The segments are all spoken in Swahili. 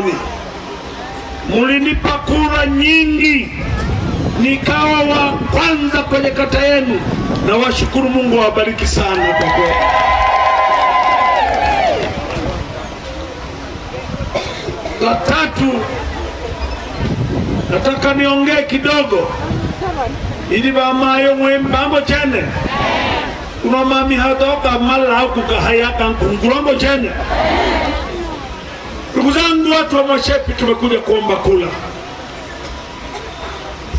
mkononi. Mlinipa kura nyingi, nikawa wa kwanza kwenye kata yenu, na washukuru Mungu awabariki sana kwa kweli. La tatu, nataka niongee kidogo ili vamayo mwemu mambo chene unomamihadoka malaukukahayakankungulambo chene Ndugu zangu watu wa Mwashepi, tumekuja kuomba kula,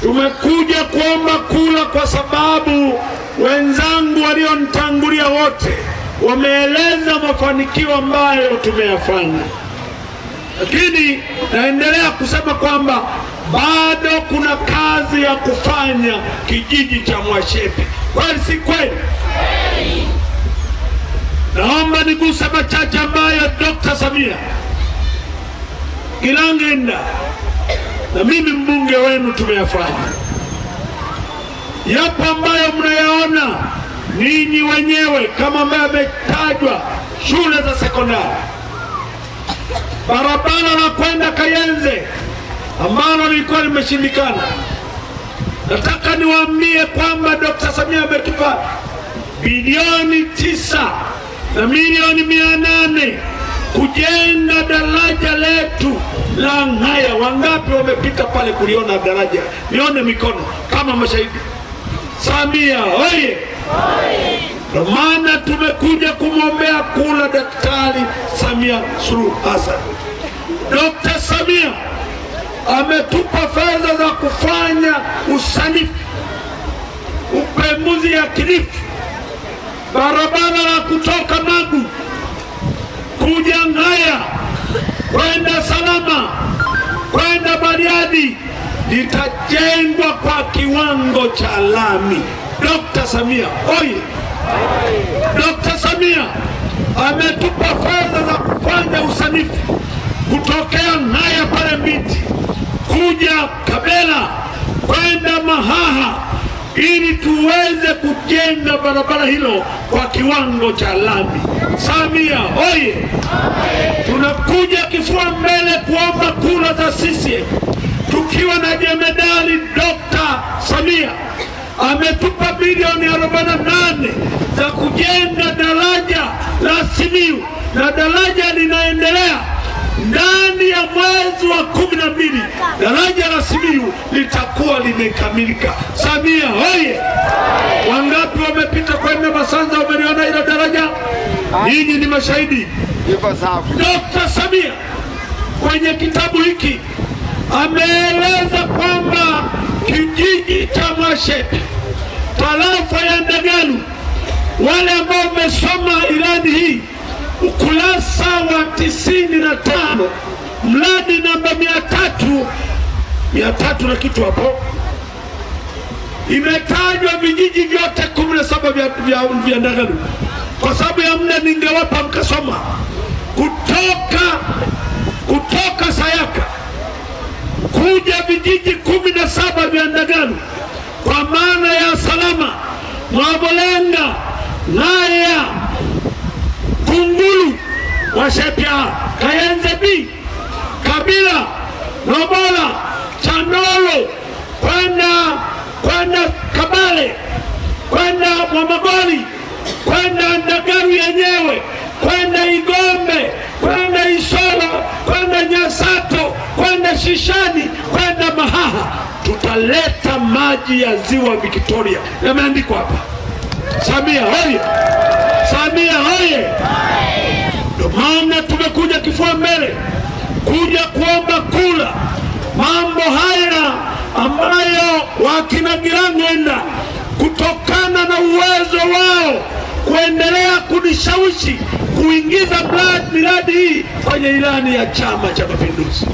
tumekuja kuomba kula kwa sababu wenzangu walionitangulia wote wameeleza mafanikio ambayo tumeyafanya, lakini naendelea kusema kwamba bado kuna kazi ya kufanya kijiji cha Mwashepi. Kweli si kweli? Naomba niguse machache ambayo Dr. Samia Kilangenda na mimi mbunge wenu tumeyafanya. Yapo ambayo mnayaona ninyi wenyewe kama ambayo ametajwa, shule za sekondari, barabara la kwenda Kayenze ambalo lilikuwa limeshindikana. Nataka niwaambie kwamba Dkt. Samia ametupa bilioni tisa na milioni mia nane kujenga Lang'haya. Wangapi wamepita pale kuliona daraja? Nione mikono kama mashahidi. Samia oye! ndo maana tumekuja kumwombea kula Daktari Samia Suluhu Hassan. dokta Samia ametupa fedha za kufanya usanifu, upembuzi yakinifu, barabara la kutoka Magu kuja Ngaya kwenda Salama, kwenda Bariadi litajengwa kwa kiwango cha lami. Dr. Samia oye! Dr. Samia ametupa fedha za kufanya usanifu kutokea Naya pale Mbiti kuja Kabela kwenda Mahaha ili tuweze kujenga barabara hilo kwa kiwango cha lami. Samia oye! Tunakuja kifua mbele kuomba kura za sisi tukiwa na jemedari Dr. Samia ametupa bilioni 48 za kujenga daraja la simiu na daraja linaendelea. Ndani ya mwezi wa kumi na mbili daraja la simiu litakuwa limekamilika. Samia oye Wangapi wamepita kwenda Masanza, wameliona ile daraja? Ah. Ninyi ni mashahidi. Dr. Samia kwenye kitabu hiki ameeleza kwamba kijiji cha Mwashe, tarafa ya Ndagalu, wale ambao wamesoma ilani hii ukurasa wa tisini na tano mradi namba mia tatu mia tatu na kitu hapo, imetajwa vijiji vyote kumi na saba vya Ndagalu. Kwa sababu ya muda ningewapa mkasoma kutoka kutoka Sayaka kuja vijiji kumi na saba vya Ndagano kwa maana ya Salama, Mwabolenga, Ngaya, Kungulu, Washepya, Kayenze B, Kabila, Nobola, Chandolo kwenda kwenda Kabale kwenda Mwamagolo Shishani kwenda Mahaha, tutaleta maji ya ziwa Victoria. Yameandikwa hapa. Samia hoye! Samia hoye! Ndio maana tumekuja kifua mbele kuja kuomba kula mambo haya ambayo wakina Girang'enda kutokana na uwezo wao kuendelea kunishawishi kuingiza miradi hii kwenye ilani ya Chama cha Mapinduzi.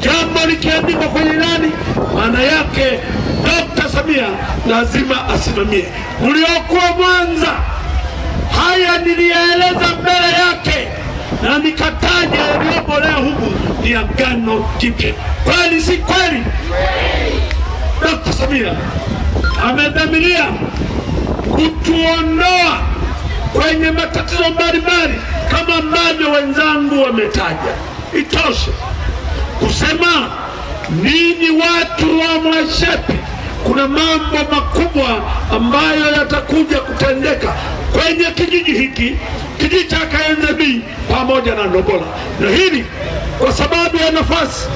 Jambo likiandikwa kwenye ilani, maana yake Dokta Samia lazima asimamie. Uliokuwa Mwanza, haya niliyaeleza mbele yake na nikataja yaliyopo leo huku ni Agano Jipya. Kweli si kweli? Dokta Samia amedhamiria kutuondoa kwenye matatizo mbalimbali kama ambavyo wenzangu wametaja. Itoshe anasema ninyi watu wa Mwashepi, kuna mambo makubwa ambayo yatakuja kutendeka kwenye kijiji hiki, kijiji cha Kayenzabii pamoja na Ndobola. Na hili kwa sababu ya nafasi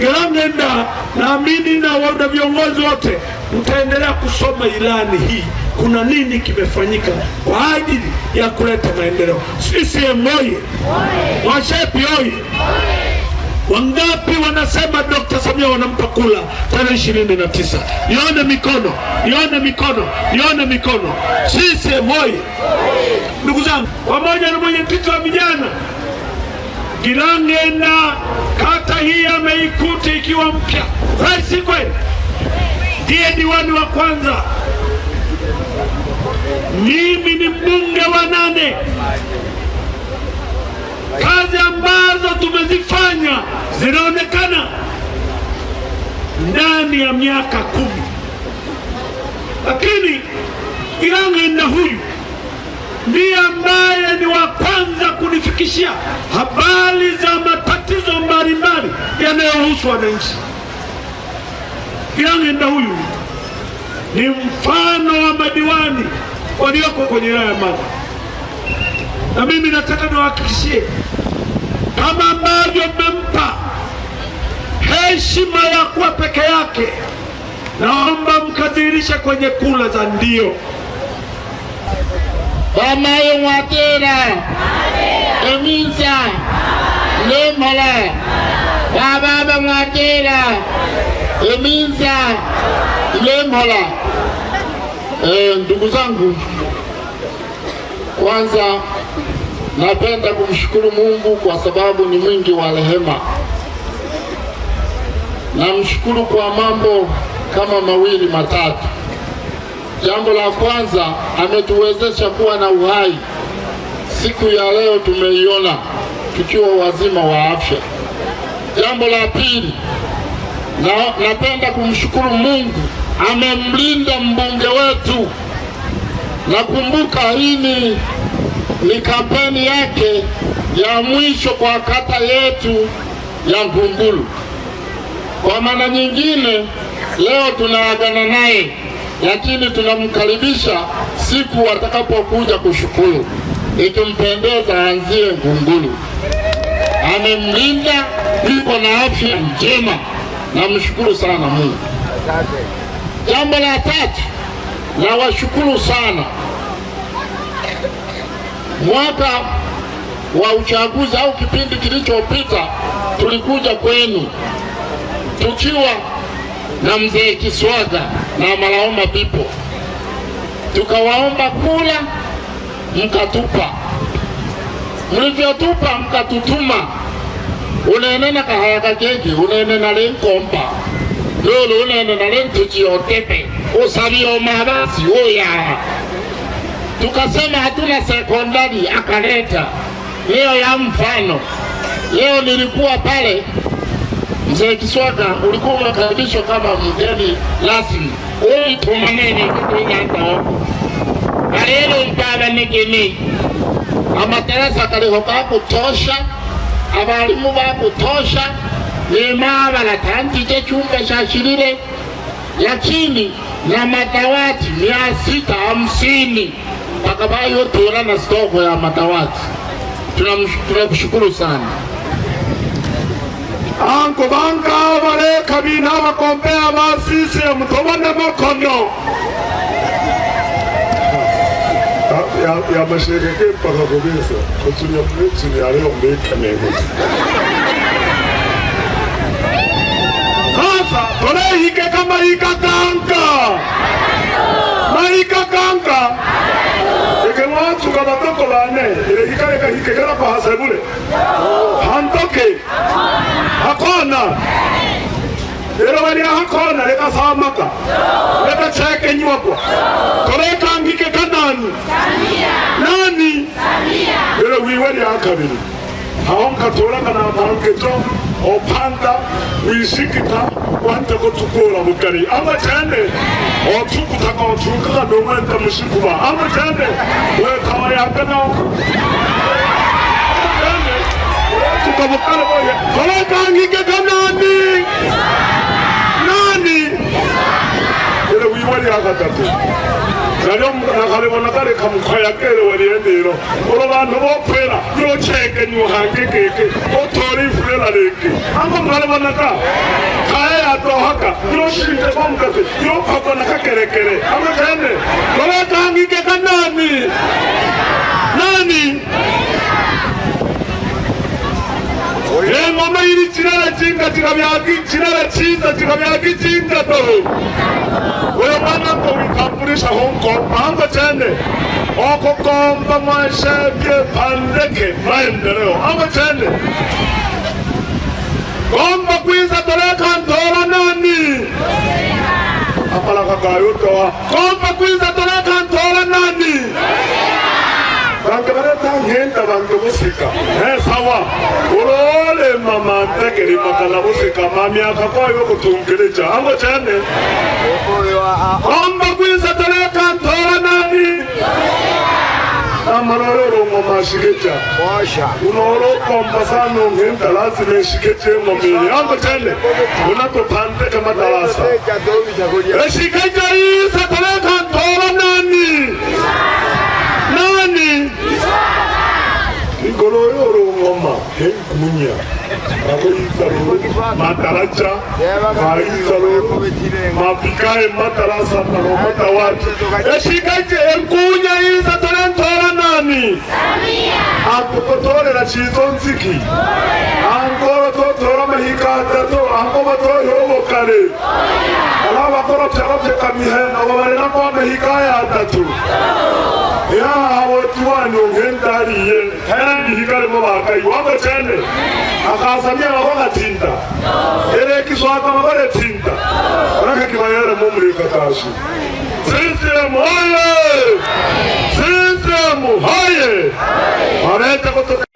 Galang'enda, naamini na wada viongozi wote mtaendelea kusoma ilani hii, kuna nini kimefanyika kwa ajili ya kuleta maendeleo. CCM oye! Mwashepi oye! Wangapi wanasema Dkt. Samia wanampa kula tarehe ishirini na tisa? mikono, yone mikono, yone mikono. Sisi hoye! Ndugu zangu, pamoja na mwenyekiti wa vijana Gilange na kata hii ameikuta ikiwa mpya. Rais kweli ndiye diwani wa kwanza mimi tumezifanya zinaonekana ndani ya miaka kumi, lakini Iranga na huyu ndiye ambaye ni wa kwanza kunifikishia habari za matatizo mbalimbali yanayohusu wananchi. Irang'enda huyu ni mfano wa madiwani walioko kwenye wilaya ya Mara, na mimi nataka niwahakikishie kama ambavyo mmempa heshima ya kuwa peke yake, naomba mkadirishe kwenye kula za ndio. bamayo mwatera emisa lemala bababa mwatera emisa lemala. Eh, ndugu zangu, kwanza Napenda kumshukuru Mungu kwa sababu ni mwingi wa rehema. Namshukuru kwa mambo kama mawili matatu. Jambo la kwanza, ametuwezesha kuwa na uhai. Siku ya leo tumeiona tukiwa wazima wa afya. Jambo la pili, na napenda kumshukuru Mungu amemlinda mbunge wetu. Nakumbuka hii ni ni kampeni yake ya mwisho kwa kata yetu ya Ngunguru. Kwa maana nyingine, leo tunaagana naye, lakini tunamkaribisha siku atakapokuja kushukuru. Ikimpendeza, anzie Ngunguru. Amemlinda, yuko na afya njema, namshukuru sana Mungu. Jambo la tatu, nawashukuru sana mwaka wa uchaguzi au kipindi kilichopita tulikuja kwenu tukiwa na mzee Kiswaga na Malaoma Bipo, tukawaomba kula, mkatupa. Mlivyotupa mkatutuma, unenena kahayaka keki unenena linkomba lulu unenena lintuchiotepe usavioma basi uya tukasema hatuna sekondari, akaleta hiyo ya mfano. Leo nilikuwa pale Mzee Kiswaga ulikuwa umekaribishwa kama mgeni rasmi umtumaneneinyatao kalelo mpavanekemei amadarasa kaliho gakutosha abarimu bakutosha lema baratangije chumba cha shirire lakini na madawati mia sita hamsini Makabai yote yana na stoko ya matawati. Tunakushukuru sana anko banka bale kabina bakompea basisi mutobona mokono ya mashirika mpaka kubisa kutunya mwichini yaleo mbika nene sasa tolehike kama ikakanka maikakanka mwachuka batoko bane iregikale kahikegera kwa hasebule hantoke hakona rero baria hakona reka samaka reka cheke nywakwa koreka ngike kanani nani rero wiwe ria kabiri ahonkatoragana amankejo opanda wishikita wanteko tukora mukari ama cyane otugutaka oturukaga nomwenta mushikuba ama cyane wetawa yakana tukabukana nani nani ele nakalemona kamukhayakele waliendilo ulo bantu bophela yocheke nyuhange keke otori ifulela leke anko mkalemonaka kaye yatohaka yoshinte komkate yophakona kakerekere amakene lolekangike kanani nani engoma y'ibikirara kinga kirara cyiza kikabyaga ikinga dore uyu mwana ngo wikamburisha aho ngompanza cyane okugomba mwashebye pandeke maendeleo aba cyane gomba kwiza dore kantora nani amalaka gayutoa gomba kwiza dore kantora nani bankabareta ngenta bantu busika sawa ulolema mantegelima kala busika mamyaka kwayo kutunkileja ango chane omba kwiza taleka ntola nani amalole olongoma shikecha unolokomba sana ngenta lazima eshikecha engomini ango chane unatupanteka matalasa eshikecha e, isa taleka ntola nani ngolo yo rongoma he kunya akoyisalo mataracha aisalo mapikae matarasatalo matawati eshikaje enkunya iza tolentora nani akutotorera chizo nziki angoro totora mahikatato angobatorohobokare alabakorobyarobyeka mihena babarera kwamahikaya atatu yahawetiwanyongenda tayari ni hivyo alikuwa akaiwamba chende akasamia mabaga tinta ele kiswaka mabale tinta wanaka kibayara mumu yikakasu sisem haye sisem haye waneta kutoka